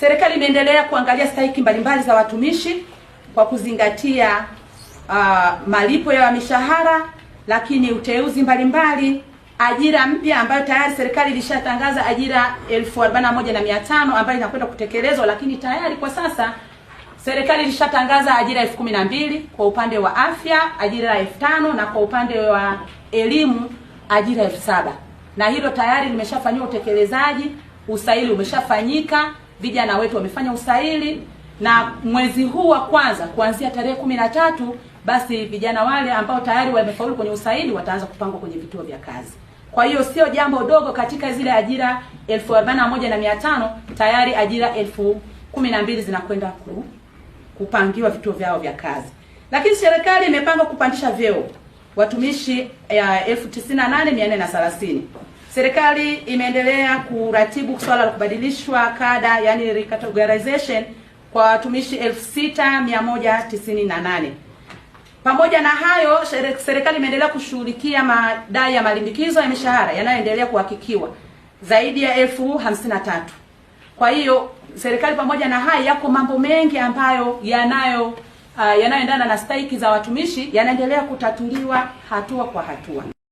Serikali imeendelea kuangalia stahiki mbalimbali za watumishi kwa kuzingatia uh, malipo ya mishahara, lakini uteuzi mbalimbali, ajira mpya ambayo tayari serikali ilishatangaza ajira elfu arobaini na moja na mia tano ambayo inakwenda kutekelezwa, lakini tayari kwa sasa serikali ilishatangaza ajira elfu kumi na mbili kwa upande wa afya, ajira elfu tano na kwa upande wa elimu ajira elfu saba na hilo tayari limeshafanyiwa utekelezaji, usaili umeshafanyika vijana wetu wamefanya usaili na mwezi huu wa kwanza kuanzia tarehe kumi na tatu basi vijana wale ambao tayari wamefaulu kwenye usaili wataanza kupangwa kwenye vituo vya kazi. Kwa hiyo sio jambo dogo, katika zile ajira elfu arobaini na moja na mia tano tayari ajira elfu kumi na mbili zinakwenda ku, kupangiwa vituo vyao vya kazi. Lakini serikali imepanga kupandisha vyeo watumishi eh, elfu tisini na nane mia nne na thelathini Serikali imeendelea kuratibu swala la kubadilishwa kada, yani recategorization kwa watumishi 6198. Pamoja na hayo, serikali imeendelea kushughulikia madai ya malimbikizo ya mishahara yanayoendelea kuhakikiwa zaidi ya elfu hamsini na tatu. Kwa hiyo serikali, pamoja na hayo, yako mambo mengi ambayo yanayo uh, yanayoendana na stahiki za watumishi yanaendelea kutatuliwa hatua kwa hatua.